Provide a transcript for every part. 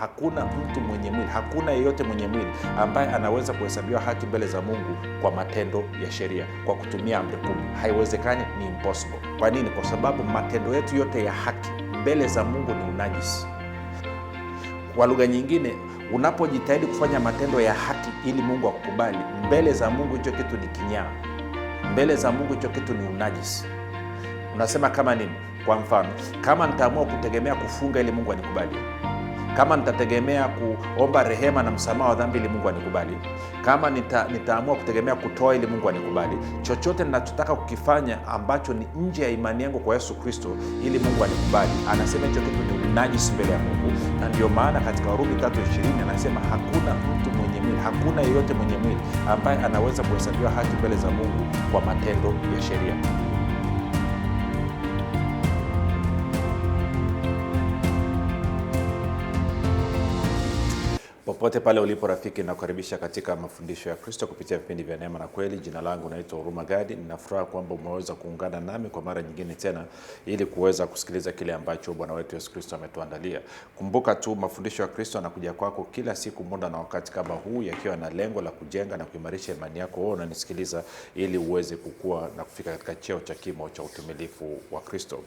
Hakuna mtu mwenye mwili, hakuna yeyote mwenye mwili ambaye anaweza kuhesabiwa haki mbele za Mungu kwa matendo ya sheria, kwa kutumia amri kumi. Haiwezekani, ni impossible. Kwa nini? Kwa sababu matendo yetu yote ya haki mbele za Mungu ni unajisi. Kwa lugha nyingine, unapojitahidi kufanya matendo ya haki ili Mungu akukubali, mbele za Mungu hicho kitu ni kinyaa. Mbele za Mungu hicho kitu ni unajisi. Unasema kama nini? Kwa mfano, kama nitaamua kutegemea kufunga ili Mungu anikubali kama nitategemea kuomba rehema na msamaha wa dhambi ili Mungu anikubali, kama nita, nitaamua kutegemea kutoa ili Mungu anikubali, chochote ninachotaka kukifanya ambacho ni nje ya imani yangu kwa Yesu Kristo ili Mungu anikubali, anasema hicho kitu ni unajisi mbele ya Mungu. Na ndio maana katika Warumi 3:20 anasema hakuna mtu mwenye mwili, hakuna yeyote mwenye mwili ambaye anaweza kuhesabiwa haki mbele za Mungu kwa matendo ya sheria. Popote pale ulipo rafiki, nakukaribisha katika mafundisho ya Kristo kupitia vipindi vya neema na kweli. Jina langu naitwa Huruma Gadi. Ninafuraha kwamba umeweza kuungana nami kwa mara nyingine tena ili kuweza kusikiliza kile ambacho Bwana wetu Yesu Kristo ametuandalia. Kumbuka tu mafundisho ya Kristo yanakuja kwako kila siku, muda na wakati kama huu, yakiwa na lengo la kujenga na kuimarisha imani yako wewe unanisikiliza, ili uweze kukua na kufika katika cheo cha kimo cha utumilifu wa Kristo.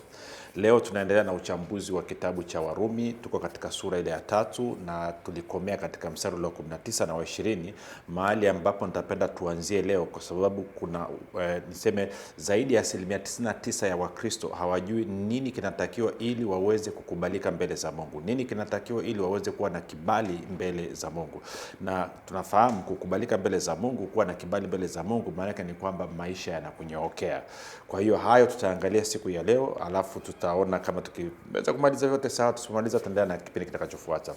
Leo tunaendelea na uchambuzi wa kitabu cha Warumi. Tuko katika sura ile ya tatu na tulikomea katika mstari ule wa 19 na wa 20, mahali ambapo nitapenda tuanzie leo, kwa sababu kuna e, niseme zaidi ya asilimia 99 ya Wakristo hawajui nini kinatakiwa ili waweze kukubalika mbele za Mungu, nini kinatakiwa ili waweze kuwa na kibali mbele za Mungu. Na tunafahamu kukubalika mbele za Mungu, kuwa na kibali mbele za Mungu, maanake ni kwamba maisha yanakunyookea. Kwa hiyo hayo tutaangalia siku ya leo, alafu tuta tutaona kama tukiweza kumaliza vyote sawa, tusipomaliza tutaendelea na kipindi kitakachofuata.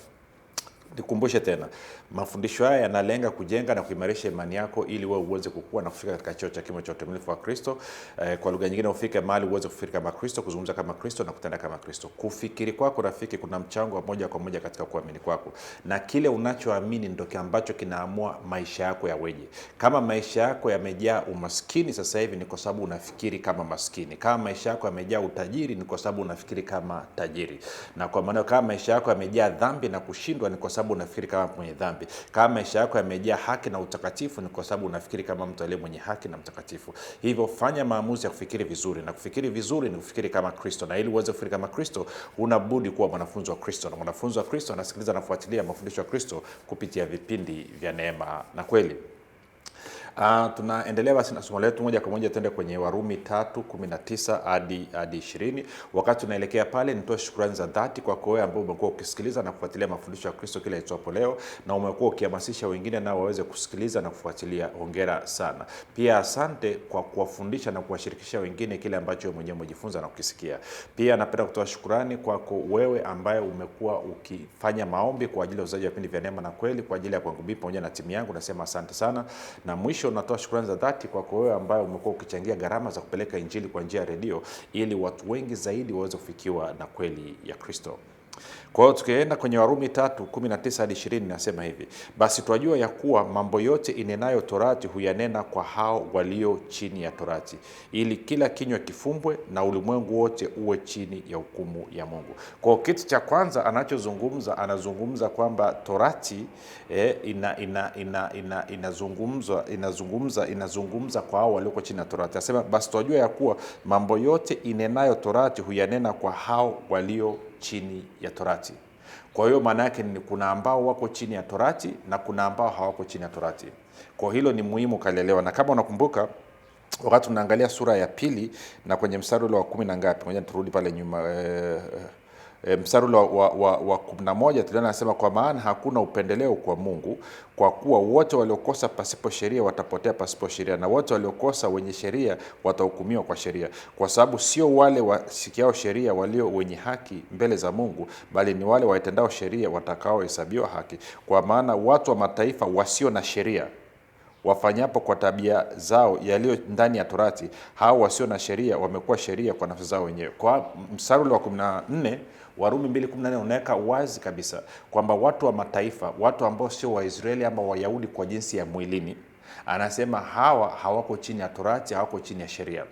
Nikumbushe tena, mafundisho haya yanalenga kujenga na kuimarisha imani yako ili wewe uweze kukua na kufika katika cheo cha kimo cha utimilifu wa Kristo. Eh, kwa lugha nyingine, ufike mahali uweze kufikiri kama Kristo, kuzungumza kama Kristo na kutenda kama Kristo. Kufikiri kwako, rafiki, kuna mchango wa moja kwa moja katika kuamini kwako, na kile unachoamini ndio kile ambacho kinaamua maisha yako yaweje. Kama maisha yako yamejaa umaskini sasa hivi, ni kwa sababu unafikiri kama maskini. Kama maisha yako yamejaa utajiri, ni kwa sababu unafikiri kama tajiri. Na kwa maana kama maisha yako yamejaa dhambi na kushindwa, ni kwa sababu sababu unafikiri kama mwenye dhambi. Kama maisha yako yamejaa haki na utakatifu, ni kwa sababu unafikiri kama mtu aliye mwenye haki na mtakatifu. Hivyo fanya maamuzi ya kufikiri vizuri, na kufikiri vizuri ni kufikiri kama Kristo, na ili uweze kufikiri kama Kristo unabudi kuwa mwanafunzi wa Kristo, na mwanafunzi wa Kristo anasikiliza, anafuatilia mafundisho ya Kristo kupitia vipindi vya Neema na Kweli. Uh, tunaendelea basi na somo letu moja kwa moja, tuende kwenye Warumi 3:19 hadi hadi 20. Wakati tunaelekea pale, nitoa shukrani za dhati kwako wewe ambao umekuwa ukisikiliza na kufuatilia mafundisho ya Kristo kila itwapo leo, na umekuwa ukihamasisha wengine nao waweze kusikiliza na kufuatilia. Hongera sana. Pia asante kwa kuwafundisha na kuwashirikisha wengine kile ambacho wewe mwenyewe umejifunza na kukisikia. Pia napenda kutoa shukrani kwako wewe ambaye umekuwa ukifanya maombi kwa ajili ya uzaji wa vipindi vya neema na kweli kwa ajili ya kwangu mimi pamoja na timu yangu, nasema asante sana na mwisho mwisho natoa shukrani za dhati kwako wewe ambaye umekuwa ukichangia gharama za kupeleka injili kwa njia ya redio ili watu wengi zaidi waweze kufikiwa na kweli ya Kristo. Kwa hiyo tukienda kwenye Warumi 3:19 hadi 20 nasema hivi, basi twajua ya kuwa mambo yote inenayo torati huyanena kwa hao walio chini ya torati, ili kila kinywa kifumbwe na ulimwengu wote uwe chini ya hukumu ya Mungu. Kwa hiyo kitu cha kwanza anachozungumza anazungumza kwamba torati eh, ina ina ina ina inazungumza inazungumza inazungumza kwa hao walioko chini ya torati. Anasema basi twajua ya kuwa mambo yote inenayo torati huyanena kwa hao walio chini ya torati. Kwa hiyo maana yake ni kuna ambao wako chini ya torati na kuna ambao hawako chini ya torati. Kwa hilo ni muhimu ukalielewa, na kama unakumbuka wakati tunaangalia sura ya pili na kwenye mstari ule wa kumi na ngapi, ngoja niturudi pale nyuma. eh, eh e, mstari wa, wa, wa kumi na moja tuliona anasema, kwa maana hakuna upendeleo kwa Mungu, kwa kuwa wote waliokosa pasipo sheria watapotea pasipo sheria, na wote waliokosa wenye sheria watahukumiwa kwa sheria, kwa sababu sio wale wasikiao sheria walio wenye haki mbele za Mungu, bali ni wale waitendao sheria watakaohesabiwa haki. Kwa maana watu wa mataifa wasio na sheria wafanyapo kwa tabia zao yaliyo ndani ya Torati, hao wasio na sheria wamekuwa sheria kwa nafsi zao wenyewe. Kwa mstari wa Warumi 2:14 unaweka wazi kabisa kwamba watu wa mataifa, watu ambao sio Waisraeli ama Wayahudi kwa jinsi ya mwilini, anasema hawa hawako chini ya torati, hawako chini ya sheria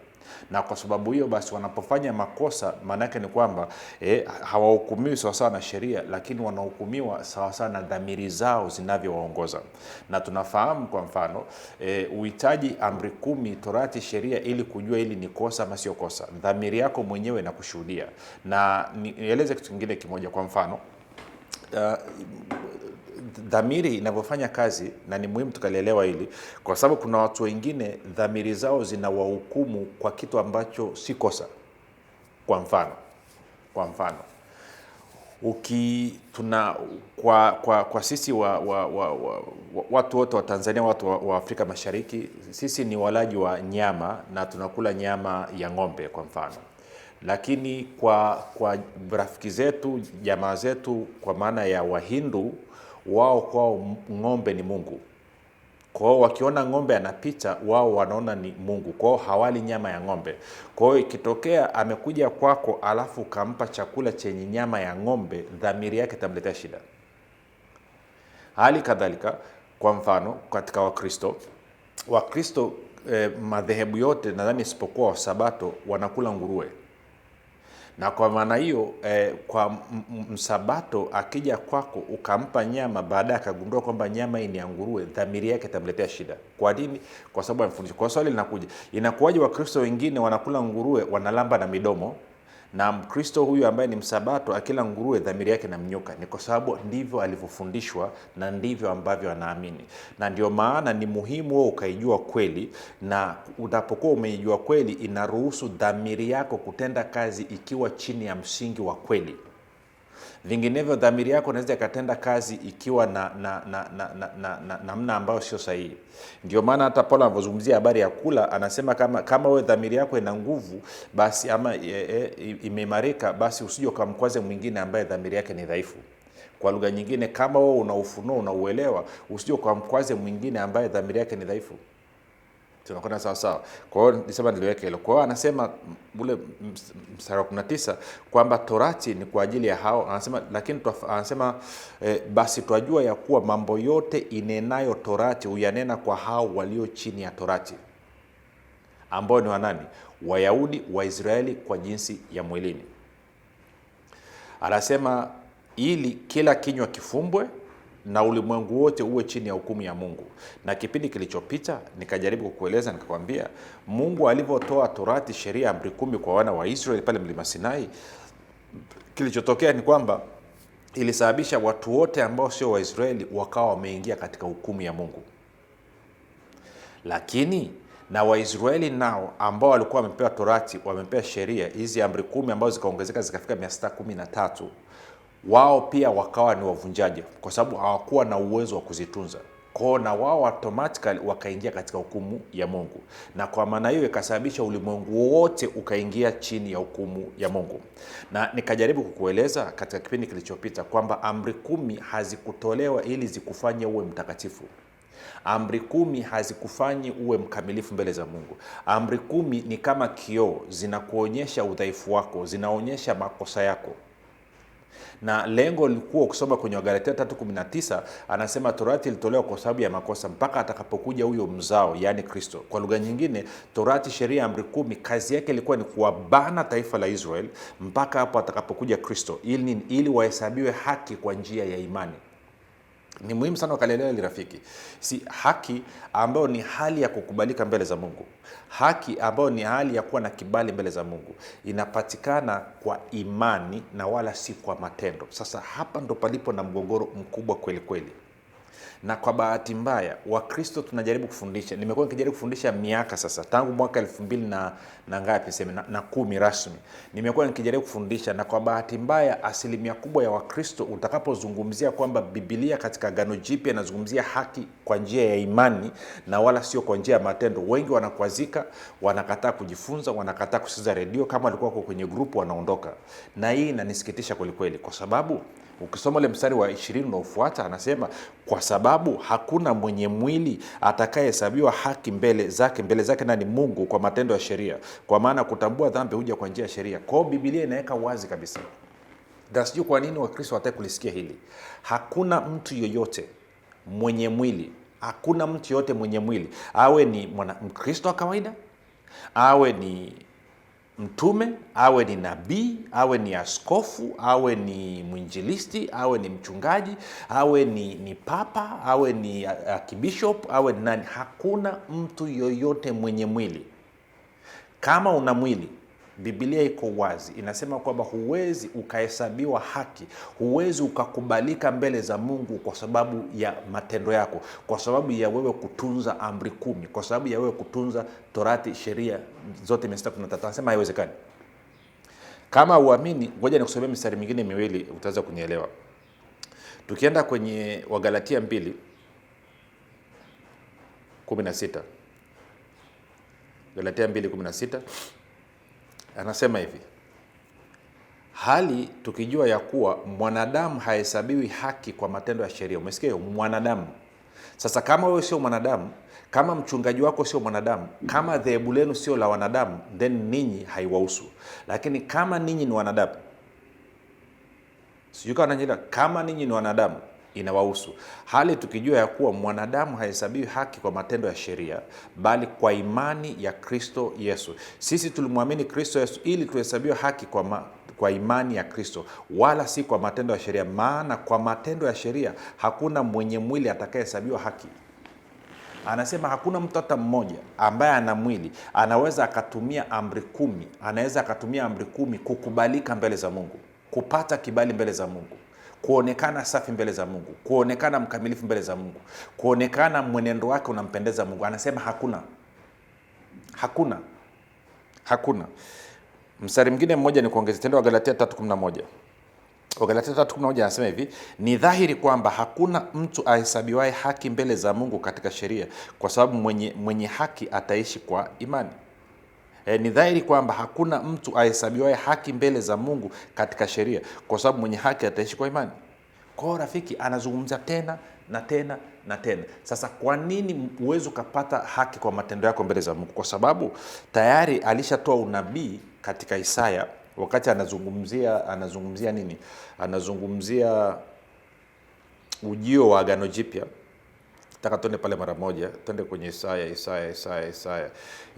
na kwa sababu hiyo basi wanapofanya makosa maanake ni kwamba eh, hawahukumiwi sawasawa na sheria, lakini wanahukumiwa sawasawa na dhamiri zao zinavyowaongoza. Na tunafahamu kwa mfano eh, uhitaji amri kumi, torati, sheria ili kujua hili ni kosa ama sio kosa. Dhamiri yako mwenyewe kushuhudia. Na nieleze kitu kingine kimoja, kwa mfano uh, dhamiri inavyofanya kazi, na ni muhimu tukalielewa hili, kwa sababu kuna watu wengine dhamiri zao zinawahukumu kwa kitu ambacho si kosa. Kwa mfano, kwa mfano uki tuna kwa kwa, kwa sisi wa, wa, wa, wa, watu wote wa Tanzania, watu wa, wa Afrika Mashariki, sisi ni walaji wa nyama na tunakula nyama ya ng'ombe kwa mfano, lakini kwa kwa rafiki zetu jamaa zetu kwa maana ya Wahindu wao kwao ng'ombe ni Mungu. Kwao wakiona ng'ombe anapita, wao wanaona ni Mungu. Kwao hawali nyama ya ng'ombe. Kwa hiyo ikitokea amekuja kwako, alafu ukampa chakula chenye nyama ya ng'ombe, dhamiri yake itamletea shida. Hali kadhalika, kwa mfano katika Wakristo, Wakristo eh, madhehebu yote nadhani isipokuwa Wasabato wanakula nguruwe na kwa maana hiyo eh, kwa msabato akija kwako ukampa nyama, baadaye akagundua kwamba nyama hii ni ya nguruwe, dhamiri yake itamletea shida. Kwa nini? Kwa sababu amfundisha Kwa swali linakuja, inakuwaje Wakristo wengine wanakula nguruwe wanalamba na midomo na Mkristo huyu ambaye ni msabato akila nguruwe dhamiri yake namnyuka Ni kwa sababu ndivyo alivyofundishwa na ndivyo ambavyo anaamini, na ndio maana ni muhimu wo ukaijua kweli, na unapokuwa umeijua kweli, inaruhusu dhamiri yako kutenda kazi ikiwa chini ya msingi wa kweli. Vinginevyo dhamiri yako inaweza ikatenda kazi ikiwa na namna na, na, na, na, na, na ambayo sio sahihi. Ndio maana hata Paulo anavyozungumzia habari ya kula anasema kama kama we dhamiri yako ina nguvu basi ama e, e, imeimarika basi usije ukamkwaze mwingine ambaye dhamiri yake ni dhaifu. Kwa lugha nyingine, kama wewe una ufunuo unauelewa, usije ukamkwaze mwingine ambaye dhamiri yake ni dhaifu tunakwenda sawa sawa. Kwa hiyo nisema niliweka hilo. Kwa hiyo anasema ule mstari wa 19 kwamba torati ni kwa ajili ya hao, anasema lakini anasema e, basi twajua ya kuwa mambo yote inenayo torati huyanena kwa hao walio chini ya torati, ambao ni wanani? Wayahudi, Waisraeli kwa jinsi ya mwilini. Anasema ili kila kinywa kifumbwe na ulimwengu wote uwe chini ya hukumu ya Mungu. Na kipindi kilichopita nikajaribu kukueleza, nikakwambia Mungu alivyotoa Torati, sheria, amri kumi kwa wana wa Israeli pale mlima Sinai, kilichotokea ni kwamba ilisababisha watu wote ambao sio Waisraeli wakawa wameingia katika hukumu ya Mungu, lakini na Waisraeli nao ambao walikuwa wamepewa Torati, wamepewa sheria hizi, amri kumi ambazo zikaongezeka zikafika mia sita kumi na tatu wao pia wakawa ni wavunjaji, kwa sababu hawakuwa na uwezo wa kuzitunza kwao, na wao automatically wakaingia katika hukumu ya Mungu, na kwa maana hiyo ikasababisha ulimwengu wote ukaingia chini ya hukumu ya Mungu. Na nikajaribu kukueleza katika kipindi kilichopita kwamba amri kumi hazikutolewa ili zikufanye uwe mtakatifu. Amri kumi hazikufanyi uwe mkamilifu mbele za Mungu. Amri kumi ni kama kioo, zinakuonyesha udhaifu wako, zinaonyesha makosa yako na lengo lilikuwa kusoma kwenye Wagalatia 3:19 anasema torati ilitolewa kwa sababu ya makosa mpaka atakapokuja huyo mzao, yaani Kristo. Kwa lugha nyingine, torati, sheria, amri kumi, kazi yake ilikuwa ni kuwabana taifa la Israel mpaka hapo atakapokuja Kristo, ili ili wahesabiwe haki kwa njia ya imani. Ni muhimu sana ukalielewa hili rafiki. Si haki ambayo ni hali ya kukubalika mbele za Mungu, haki ambayo ni hali ya kuwa na kibali mbele za Mungu inapatikana kwa imani na wala si kwa matendo. Sasa hapa ndo palipo na mgogoro mkubwa kweli kweli na kwa bahati mbaya Wakristo tunajaribu kufundisha, nimekuwa nikijaribu kufundisha miaka sasa, tangu mwaka elfu mbili na, na ngapi seme na, na kumi rasmi nimekuwa nikijaribu kufundisha, na kwa bahati mbaya asilimia kubwa ya Wakristo utakapozungumzia kwamba Bibilia katika gano Jipya inazungumzia haki kwa njia ya imani na wala sio kwa njia ya matendo, wengi wanakwazika, wanakataa kujifunza, wanakataa kusikiza redio, kama walikuwa kwenye grupu wanaondoka, na hii inanisikitisha kwelikweli, kwa sababu ukisoma ule mstari wa ishirini unaofuata anasema kwa sababu sababu hakuna mwenye mwili atakayehesabiwa haki mbele zake, mbele zake nani? Mungu, kwa matendo ya sheria, kwa maana kutambua dhambi huja kwa njia ya sheria. Kwao Biblia inaweka wazi kabisa, na sijui kwa nini Wakristo watake kulisikia hili. Hakuna mtu yoyote mwenye mwili, hakuna mtu yoyote mwenye mwili, awe ni Mkristo wa kawaida, awe ni mtume, awe ni nabii, awe ni askofu, awe ni mwinjilisti, awe ni mchungaji, awe ni, ni papa, awe ni akibishop, awe ni nani. Hakuna mtu yoyote mwenye mwili. Kama una mwili Biblia iko wazi, inasema kwamba huwezi ukahesabiwa haki, huwezi ukakubalika mbele za Mungu kwa sababu ya matendo yako, kwa sababu ya wewe kutunza amri kumi, kwa sababu ya wewe kutunza Torati, sheria zote mia Anasema haiwezekani. Kama uamini, ngoja nikusomea mistari mingine miwili utaweza kunielewa. Tukienda kwenye Wagalatia 2 16, Galatia anasema hivi, hali tukijua ya kuwa mwanadamu hahesabiwi haki kwa matendo ya sheria. Umesikia hiyo? Mwanadamu. Sasa kama wewe sio mwanadamu, kama mchungaji wako sio mwanadamu, kama dhehebu lenu sio la wanadamu, then ninyi haiwahusu. Lakini kama ninyi ni wanadamu, sijui kama nanyeelewa, kama ninyi ni wanadamu inawahusu. Hali tukijua ya kuwa mwanadamu hahesabiwi haki kwa matendo ya sheria, bali kwa imani ya Kristo Yesu. Sisi tulimwamini Kristo Yesu ili tuhesabiwe haki kwa ma kwa imani ya Kristo wala si kwa matendo ya sheria, maana kwa matendo ya sheria hakuna mwenye mwili atakayehesabiwa haki. Anasema hakuna mtu hata mmoja ambaye ana mwili anaweza akatumia amri kumi, anaweza akatumia amri kumi kukubalika mbele za Mungu, kupata kibali mbele za Mungu kuonekana safi mbele za Mungu, kuonekana mkamilifu mbele za Mungu, kuonekana mwenendo wake unampendeza Mungu. Anasema hakuna, hakuna, hakuna. Mstari mwingine mmoja ni kuongeza tendo, Wagalatia 3:11 Wagalatia 3:11 anasema hivi: ni dhahiri kwamba hakuna mtu ahesabiwaye haki mbele za Mungu katika sheria, kwa sababu mwenye, mwenye haki ataishi kwa imani. E, ni dhahiri kwamba hakuna mtu ahesabiwaye haki mbele za Mungu katika sheria, kwa sababu mwenye haki ataishi kwa imani. Kwao rafiki, anazungumza tena na tena na tena. Sasa kwa nini huwezi ukapata haki kwa matendo yako mbele za Mungu? Kwa sababu tayari alishatoa unabii katika Isaya wakati anazungumzia anazungumzia nini? Anazungumzia ujio wa agano jipya Nataka tuende pale mara moja, tuende kwenye Isaya, Isaya, Isaya, Isaya.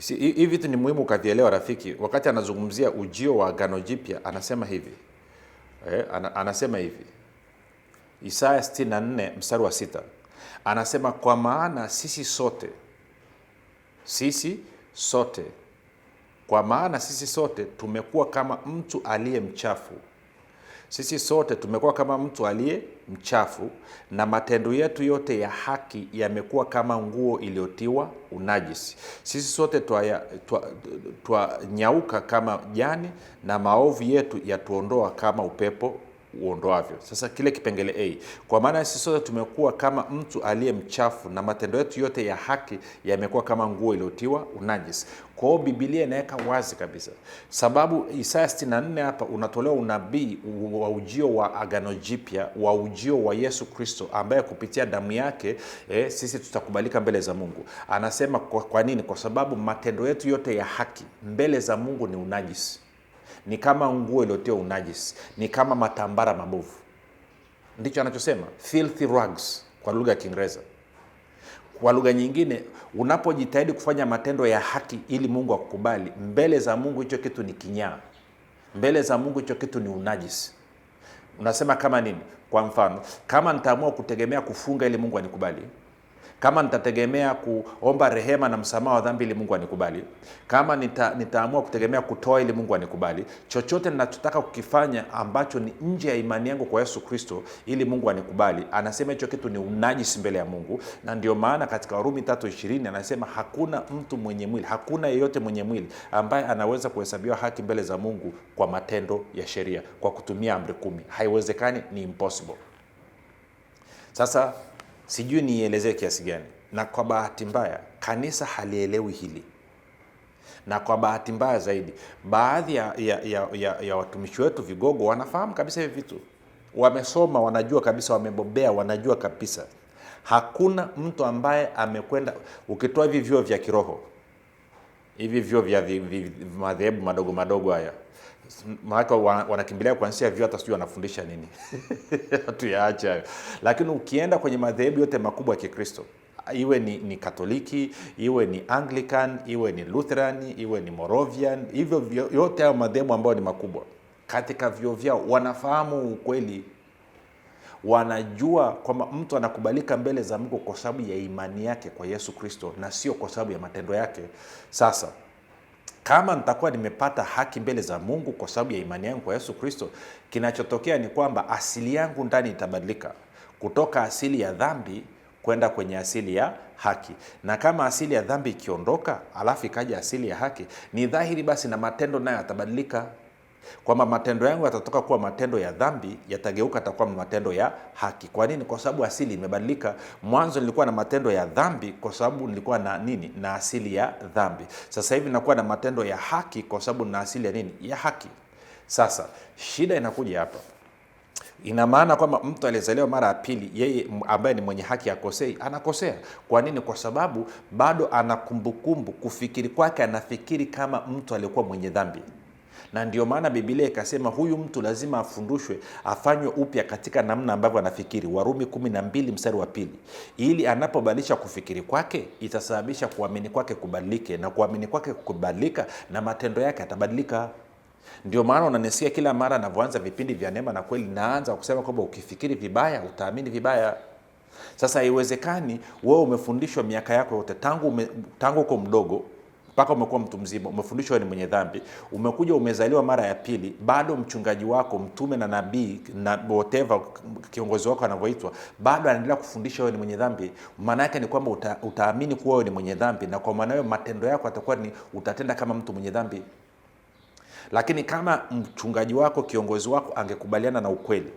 Hivi vitu ni muhimu ukavielewa rafiki. Wakati anazungumzia ujio wa agano jipya anasema hivi eh, anasema hivi Isaya 64 mstari wa sita anasema kwa maana sisi sote, sisi sote, kwa maana sisi sote tumekuwa kama mtu aliye mchafu sisi sote tumekuwa kama mtu aliye mchafu na matendo yetu yote ya haki yamekuwa kama nguo iliyotiwa unajisi. Sisi sote twanyauka kama jani na maovu yetu yatuondoa kama upepo uondoavyo. Sasa kile kipengele A, kwa maana sisi sote tumekuwa kama mtu aliye mchafu na matendo yetu yote ya haki yamekuwa kama nguo iliyotiwa unajisi. Kwa hiyo Bibilia inaweka wazi kabisa sababu Isaya 64 hapa unatolewa unabii wa ujio wa agano jipya wa ujio wa Yesu Kristo ambaye kupitia damu yake eh, sisi tutakubalika mbele za Mungu. Anasema kwa, kwa nini? Kwa sababu matendo yetu yote ya haki mbele za Mungu ni unajisi ni kama nguo iliyotiwa unajisi ni kama matambara mabovu ndicho anachosema filthy kwa lugha ya kiingereza kwa lugha nyingine unapojitahidi kufanya matendo ya haki ili mungu akukubali mbele za mungu hicho kitu ni kinyaa mbele za mungu hicho kitu ni unajisi unasema kama nini kwa mfano kama nitaamua kutegemea kufunga ili mungu anikubali kama nitategemea kuomba rehema na msamaha wa dhambi ili Mungu anikubali, kama nita, nitaamua kutegemea kutoa ili Mungu anikubali, chochote ninachotaka kukifanya ambacho ni nje ya imani yangu kwa Yesu Kristo ili Mungu anikubali, anasema hicho kitu ni unajisi mbele ya Mungu, na ndio maana katika Warumi tatu ishirini anasema hakuna mtu mwenye mwili, hakuna yeyote mwenye mwili ambaye anaweza kuhesabiwa haki mbele za Mungu kwa matendo ya sheria, kwa kutumia amri kumi. Haiwezekani, ni impossible. Sasa sijui nielezee kiasi gani. Na kwa bahati mbaya kanisa halielewi hili, na kwa bahati mbaya zaidi baadhi ya, ya, ya, ya, ya watumishi wetu vigogo wanafahamu kabisa hivi vitu, wamesoma, wanajua kabisa, wamebobea, wanajua kabisa. Hakuna mtu ambaye amekwenda, ukitoa hivi vyuo vya kiroho hivi vyuo vya madhehebu madogo madogo haya maana wanakimbilia kuanzia vyo hata sijui wanafundisha nini tuyaache hayo. Lakini ukienda kwenye madhehebu yote makubwa ya Kikristo iwe ni, ni Katoliki iwe ni Anglican iwe ni Lutheran iwe ni Moravian, hivyo yote hayo madhehebu ambayo ni makubwa, katika vyo vyao wanafahamu ukweli, wanajua kwamba mtu anakubalika mbele za Mungu kwa sababu ya imani yake kwa Yesu Kristo na sio kwa sababu ya matendo yake. Sasa kama nitakuwa nimepata haki mbele za Mungu kwa sababu ya imani yangu kwa Yesu Kristo, kinachotokea ni kwamba asili yangu ndani itabadilika kutoka asili ya dhambi kwenda kwenye asili ya haki. Na kama asili ya dhambi ikiondoka, alafu ikaja asili ya haki, ni dhahiri basi na matendo nayo yatabadilika kwamba matendo yangu yatatoka kuwa matendo ya dhambi yatageuka atakuwa matendo ya haki. Kwa nini? Kwa sababu asili imebadilika. Mwanzo nilikuwa na matendo ya dhambi kwa sababu nilikuwa na nini? Na asili ya dhambi. Sasa hivi nakuwa na matendo ya haki kwa sababu na asili ya nini? Ya haki. Sasa shida inakuja hapa. Ina maana kwamba mtu aliyezaliwa mara ya pili, yeye ambaye ni mwenye haki akosei, anakosea. Kwa nini? Kwa sababu bado ana kumbukumbu, kufikiri kwake, anafikiri kama mtu aliyekuwa mwenye dhambi na ndio maana Biblia ikasema huyu mtu lazima afundushwe, afanywe upya katika namna ambavyo anafikiri, Warumi 12 mstari wa pili, ili anapobadilisha kufikiri kwake itasababisha kuamini kwake kubadilike, na kuamini kwake kubadilika, na matendo yake atabadilika Ndio maana unanisikia kila mara anavyoanza vipindi vya neema na kweli, naanza kusema kwamba ukifikiri vibaya utaamini vibaya. Sasa haiwezekani wewe umefundishwa miaka yako yote tangu ume, tangu uko mdogo mpaka umekuwa mtu mzima, umefundishwa ni mwenye dhambi, umekuja umezaliwa mara ya pili, bado mchungaji wako, mtume na nabii na whatever kiongozi wako anavyoitwa, bado anaendelea kufundisha wewe ni mwenye dhambi. Maana yake ni kwamba uta, utaamini kuwa wewe ni mwenye dhambi, na kwa maana hiyo matendo yako atakuwa ni utatenda kama mtu mwenye dhambi. Lakini kama mchungaji wako, kiongozi wako angekubaliana na ukweli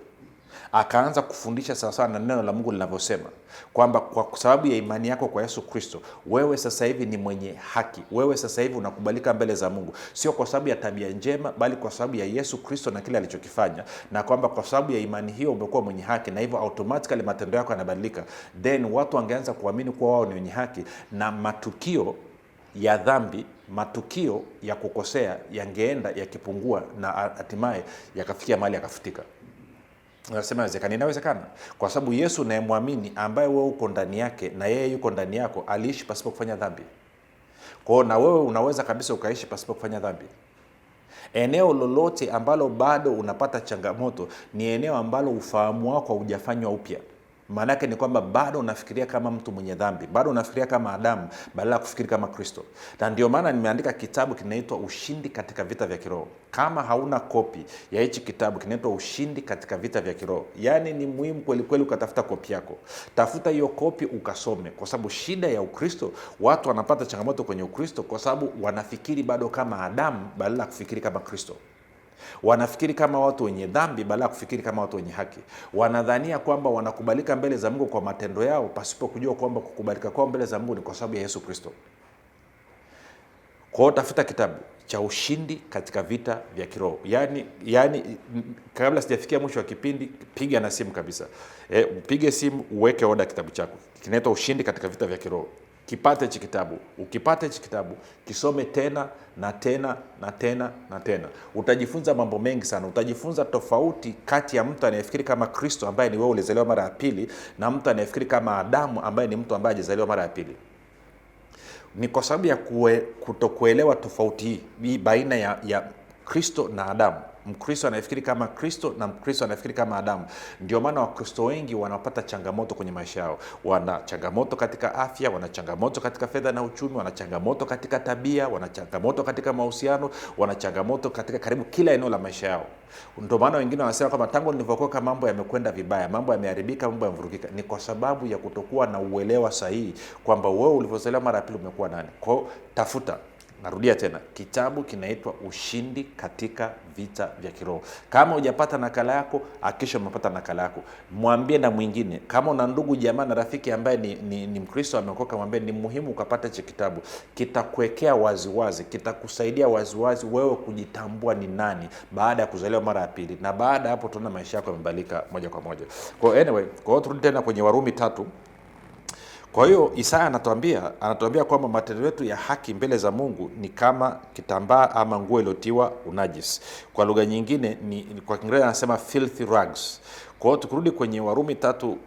akaanza kufundisha sawasawa na neno la Mungu linavyosema kwamba kwa sababu ya imani yako kwa Yesu Kristo, wewe sasa hivi ni mwenye haki, wewe sasa hivi unakubalika mbele za Mungu, sio kwa sababu ya tabia njema, bali kwa sababu ya Yesu Kristo na kile alichokifanya, na kwamba kwa sababu ya imani hiyo umekuwa mwenye haki, na hivyo automatically matendo yako yanabadilika, then watu wangeanza kuamini kuwa wao ni wenye haki na matukio ya dhambi matukio ya kukosea yangeenda yakipungua na hatimaye yakafikia mahali yakafutika. Nasema inawezekana, inawezekana kwa sababu Yesu unayemwamini ambaye wewe uko ndani yake na yeye yuko ndani yako aliishi pasipo kufanya dhambi. Kwa na wewe unaweza kabisa ukaishi pasipo kufanya dhambi. Eneo lolote ambalo bado unapata changamoto ni eneo ambalo ufahamu wako haujafanywa upya maana yake ni kwamba bado unafikiria kama mtu mwenye dhambi, bado unafikiria kama Adamu badala ya kufikiri kama Kristo. Na ndio maana nimeandika kitabu kinaitwa Ushindi katika Vita vya Kiroho. Kama hauna kopi ya hichi kitabu kinaitwa Ushindi katika Vita vya Kiroho, yaani ni muhimu kwelikweli ukatafuta kopi yako, tafuta hiyo kopi ukasome, kwa sababu shida ya Ukristo, watu wanapata changamoto kwenye Ukristo kwa sababu wanafikiri bado kama Adamu badala ya kufikiri kama Kristo. Wanafikiri kama watu wenye dhambi baada ya kufikiri kama watu wenye haki. Wanadhania kwamba wanakubalika mbele za Mungu kwa matendo yao pasipo kujua kwamba kukubalika kwao mbele za Mungu ni kwa sababu ya Yesu Kristo. kwao tafuta kitabu cha ushindi katika vita vya kiroho. yani, yani kabla sijafikia mwisho wa kipindi, piga na simu kabisa. E, upige simu uweke oda kitabu chako kinaitwa ushindi katika vita vya kiroho kipate hichi kitabu, ukipata hichi kitabu kisome tena na tena na tena na tena, utajifunza mambo mengi sana. Utajifunza tofauti kati ya mtu anayefikiri kama Kristo ambaye ni wewe ulizaliwa mara ya pili na mtu anayefikiri kama Adamu ambaye ni mtu ambaye hajazaliwa mara ya pili. Ni kwa sababu ya kutokuelewa tofauti hii hii baina ya, ya Kristo na Adamu. Mkristo anafikiri kama Kristo na Mkristo anafikiri kama Adamu. Ndio maana Wakristo wengi wanapata changamoto kwenye maisha yao, wana changamoto katika afya, wana changamoto katika fedha na uchumi, wana changamoto katika tabia, wana changamoto katika mahusiano, wana changamoto katika karibu kila eneo la maisha yao. Ndio maana wengine wanasema kwamba tangu nilivyokoka mambo yamekwenda vibaya, mambo yameharibika, mambo yamevurugika. Ni kwa sababu ya kutokuwa na uelewa sahihi kwamba wewe ulivyozaliwa mara ya pili umekuwa nani. Kwa tafuta Narudia tena, kitabu kinaitwa Ushindi katika Vita vya Kiroho. Kama hujapata nakala yako, hakikisha umepata nakala yako, mwambie na mwingine. Kama una ndugu, jamaa na rafiki ambaye ni, ni, ni Mkristo ameokoka, mwambie ni muhimu ukapata hichi kitabu. Kitakuwekea waziwazi, kitakusaidia waziwazi wewe kujitambua ni nani baada ya kuzaliwa mara ya pili, na baada ya hapo tunaona maisha yako yamebadilika moja kwa moja. Kwa hiyo anyway, kwa hiyo turudi tena kwenye Warumi tatu kwa hiyo Isaya anatuambia anatuambia kwamba matendo yetu ya haki mbele za Mungu ni kama kitambaa ama nguo iliyotiwa unajis. Kwa lugha nyingine ni, kwa Kiingereza anasema filthy rags. Kwa hiyo tukirudi kwenye Warumi tatu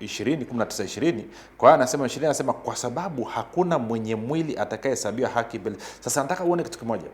20, Kwa hiyo anasema 20 anasema kwa sababu hakuna mwenye mwili atakayehesabiwa haki mbele. Sasa nataka uone kitu kimoja.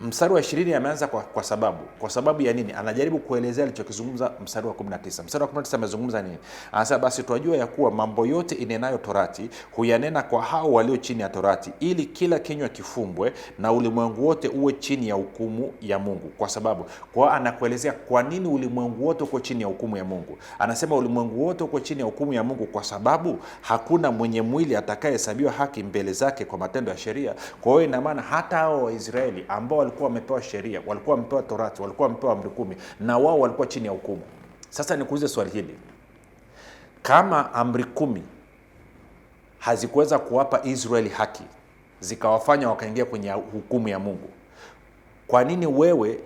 Mstari wa ishirini ameanza kwa, kwa sababu kwa sababu ya nini? Anajaribu kuelezea alichokizungumza mstari wa 19. Mstari wa 19 amezungumza nini? Anasema basi twajua ya kuwa mambo yote inenayo torati huyanena kwa hao walio chini ya torati, ili kila kinywa kifumbwe na ulimwengu wote uwe chini ya hukumu ya Mungu. Kwa sababu kwa anakuelezea kwa nini ulimwengu wote uko chini ya hukumu ya Mungu. Anasema ulimwengu wote uko chini ya hukumu ya Mungu kwa sababu hakuna mwenye mwili atakayehesabiwa haki mbele zake kwa matendo ya sheria. Kwa hiyo ina maana hata hao Waisraeli ambao walikuwa wamepewa sheria, walikuwa wamepewa Torati, walikuwa wamepewa amri kumi, na wao walikuwa chini ya hukumu. Sasa nikuulize swali hili, kama amri kumi hazikuweza kuwapa Israeli haki zikawafanya wakaingia kwenye hukumu ya Mungu, kwa nini wewe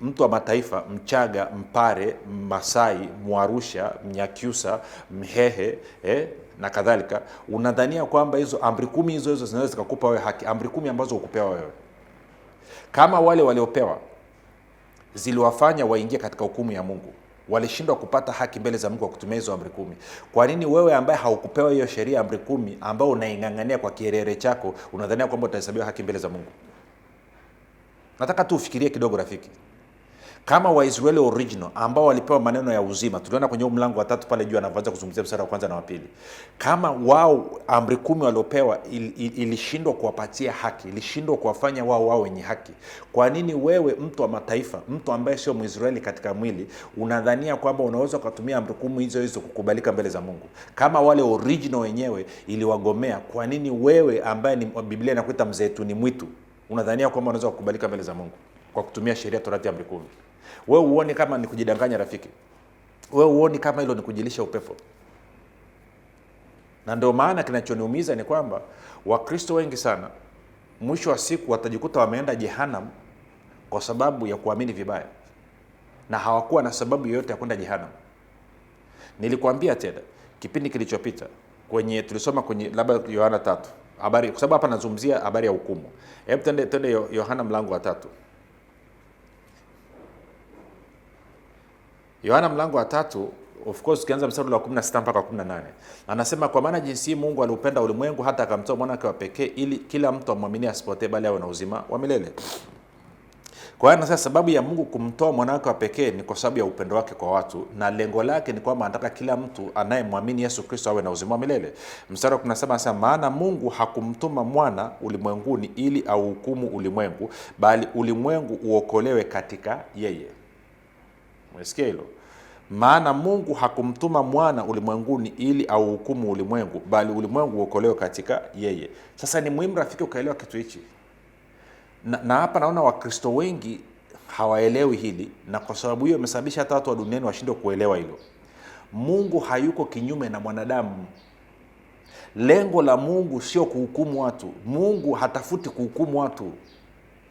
mtu wa mataifa Mchaga, Mpare, Masai, Mwarusha, Mnyakyusa, Mhehe eh, na kadhalika unadhania kwamba hizo amri kumi hizo hizo zinaweza zikakupa wewe haki? Amri kumi ambazo hukupewa wewe kama wale waliopewa ziliwafanya waingie katika hukumu ya Mungu, walishindwa kupata haki mbele za Mungu kwa kutumia hizo amri kumi. Kwa nini wewe ambaye haukupewa hiyo sheria amri kumi, ambao unaing'ang'ania kwa kierere chako, unadhania kwamba utahesabiwa haki mbele za Mungu? Nataka tu ufikirie kidogo, rafiki kama Waisraeli original ambao walipewa maneno ya uzima, tuliona kwenye mlango wa tatu pale juu anavyoanza kuzungumzia msara wa kwanza na wa pili, kama wao amri kumi waliopewa ilishindwa il, il kuwapatia haki, ilishindwa kuwafanya wao wao wenye haki, kwa nini wewe mtu wa mataifa, mtu ambaye sio Mwisraeli katika mwili, unadhania kwamba unaweza ukatumia amri kumi hizo hizo kukubalika mbele za Mungu? Kama wale original wenyewe iliwagomea, kwa nini wewe ambaye ni Biblia inakuita ni mwitu unadhania kwamba unaweza kukubalika mbele za Mungu kwa kutumia sheria, torati, amri kumi? wewe huoni kama ni kujidanganya rafiki wewe huoni kama hilo ni kujilisha upepo na ndio maana kinachoniumiza ni kwamba wakristo wengi sana mwisho wa siku watajikuta wameenda jehanam kwa sababu ya kuamini vibaya na hawakuwa na sababu yoyote ya kwenda jehanam nilikuambia tena kipindi kilichopita kwenye tulisoma kwenye labda yohana tatu habari kwa sababu hapa nazungumzia habari ya hukumu hebu tende yohana mlango wa tatu Yohana mlango wa tatu of course ukianza mstari wa 16 mpaka 18, anasema kwa maana jinsi hii Mungu aliupenda ulimwengu hata akamtoa mwana wake wa pekee, ili kila mtu amwaminie asipotee, bali awe na uzima wa milele. Kwa hiyo anasema sababu ya Mungu kumtoa mwana wake wa pekee ni kwa sababu ya upendo wake kwa watu, na lengo lake ni kwamba anataka kila mtu anayemwamini Yesu Kristo awe na uzima wa milele. Mstari wa 17 anasema maana Mungu hakumtuma mwana ulimwenguni ili auhukumu ulimwengu, bali ulimwengu uokolewe katika yeye. Umesikia hilo? Maana Mungu hakumtuma mwana ulimwenguni ili auhukumu ulimwengu, bali ulimwengu uokolewe katika yeye. Sasa ni muhimu rafiki ukaelewa kitu hichi, na, na hapa naona Wakristo wengi hawaelewi hili, na kwa sababu hiyo imesababisha hata watu wa duniani washindwe kuelewa hilo. Mungu hayuko kinyume na mwanadamu. Lengo la Mungu sio kuhukumu watu. Mungu hatafuti kuhukumu watu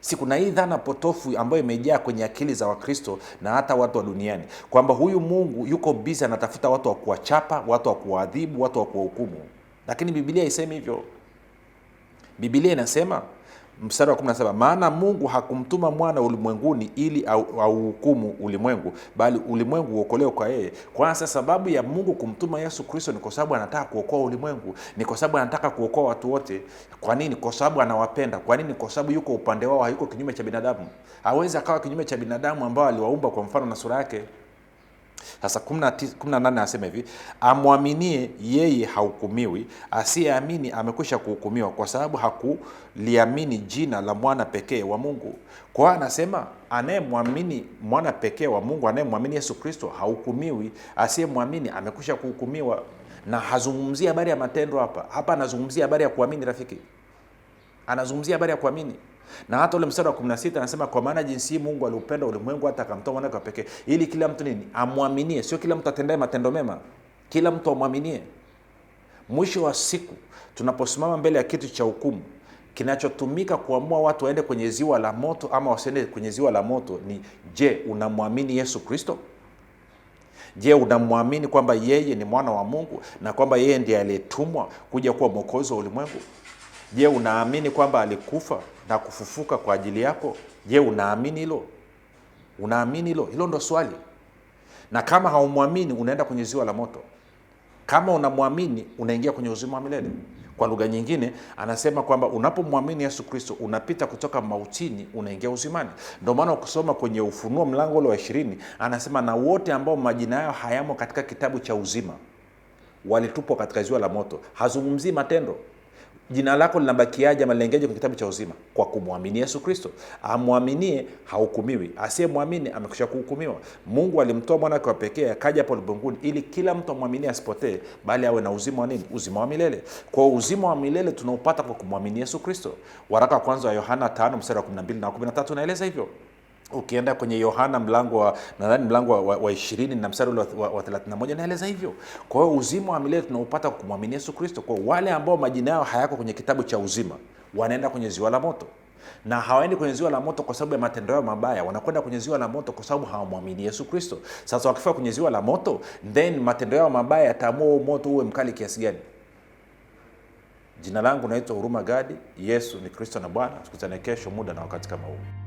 si kuna hii dhana potofu ambayo imejaa kwenye akili za Wakristo na hata watu wa duniani kwamba huyu Mungu yuko bizi, anatafuta watu wa kuwachapa, watu wa kuwaadhibu, watu wa kuwahukumu, lakini bibilia haisemi hivyo. bibilia inasema mstari wa 17, maana Mungu hakumtuma mwana ulimwenguni ili auhukumu au ulimwengu, bali ulimwengu uokolewe kwa yeye. Kwanza sababu ya Mungu kumtuma Yesu Kristo ni kwa sababu anataka kuokoa ulimwengu, ni kwa sababu anataka kuokoa watu wote. Kwa nini? Kwa sababu anawapenda. Kwa nini? Kwa sababu yuko upande wao, hayuko kinyume cha binadamu. Hawezi akawa kinyume cha binadamu ambao aliwaumba kwa mfano na sura yake. Sasa 18 anasema hivi, amwaminie yeye hahukumiwi, asiyeamini amekwisha kuhukumiwa, kwa sababu hakuliamini jina la mwana pekee wa Mungu. Kwa hiyo anasema anayemwamini mwana pekee wa Mungu, anayemwamini Yesu Kristo hahukumiwi, asiyemwamini amekwisha kuhukumiwa. Na hazungumzia habari ya matendo hapa hapa, anazungumzia habari ya kuamini. Rafiki, anazungumzia habari ya kuamini na hata ule mstari wa 16 anasema kwa maana jinsi hii mungu aliupenda ulimwengu hata akamtoa mwanake wa pekee ili kila mtu nini amwaminie sio kila mtu atendae matendo mema kila mtu amwaminie mwisho wa siku tunaposimama mbele ya kitu cha hukumu kinachotumika kuamua watu waende kwenye ziwa la moto ama wasiende kwenye ziwa la moto ni je unamwamini yesu kristo je unamwamini kwamba yeye ni mwana wa mungu na kwamba yeye ndiye aliyetumwa kuja kuwa mwokozi wa ulimwengu Je, unaamini kwamba alikufa na kufufuka kwa ajili yako? Je, unaamini hilo? Unaamini hilo? Hilo ndo swali. Na kama haumwamini unaenda kwenye ziwa la moto, kama unamwamini unaingia kwenye uzima wa milele. Kwa lugha nyingine anasema kwamba unapomwamini Yesu Kristo unapita kutoka mautini unaingia uzimani. Ndio maana ukisoma kwenye Ufunuo mlango ule wa ishirini anasema na wote ambao majina yao hayamo katika kitabu cha uzima walitupwa katika ziwa la moto. Hazungumzii matendo jina lako linabakiaje malengeje kwenye kitabu cha uzima? Kwa kumwamini Yesu Kristo. Amwaminie hahukumiwi, asiyemwamini amekwisha kuhukumiwa. Mungu alimtoa mwana wake wa pekee, akaja hapo ulimwenguni ili kila mtu amwaminie asipotee, bali awe na uzima wa nini? Uzima wa milele. Kwa uzima wa milele tunaupata kwa kumwamini Yesu Kristo. Waraka wa kwanza wa Yohana 5 mstari wa 12 na 13 unaeleza hivyo ukienda kwenye Yohana mlango wa nadhani mlango wa, wa, wa ishirini na mstari wa, wa, wa thelathini na moja naeleza hivyo. Kwa hiyo uzima wa milele tunaupata kwa kumwamini Yesu Kristo. Kwa wale ambao majina yao hayako kwenye kitabu cha uzima wanaenda kwenye ziwa la moto, na hawaendi kwenye ziwa la moto kwa sababu ya matendo yao mabaya, wanakwenda kwenye ziwa la moto kwa sababu hawamwamini Yesu Kristo. Sasa wakifika kwenye ziwa la moto, then matendo yao mabaya yataamua huo moto uwe mkali kiasi gani. Jina langu naitwa Huruma Gadi. Yesu ni Kristo na Bwana. Tukutane kesho muda na wakati kama huu.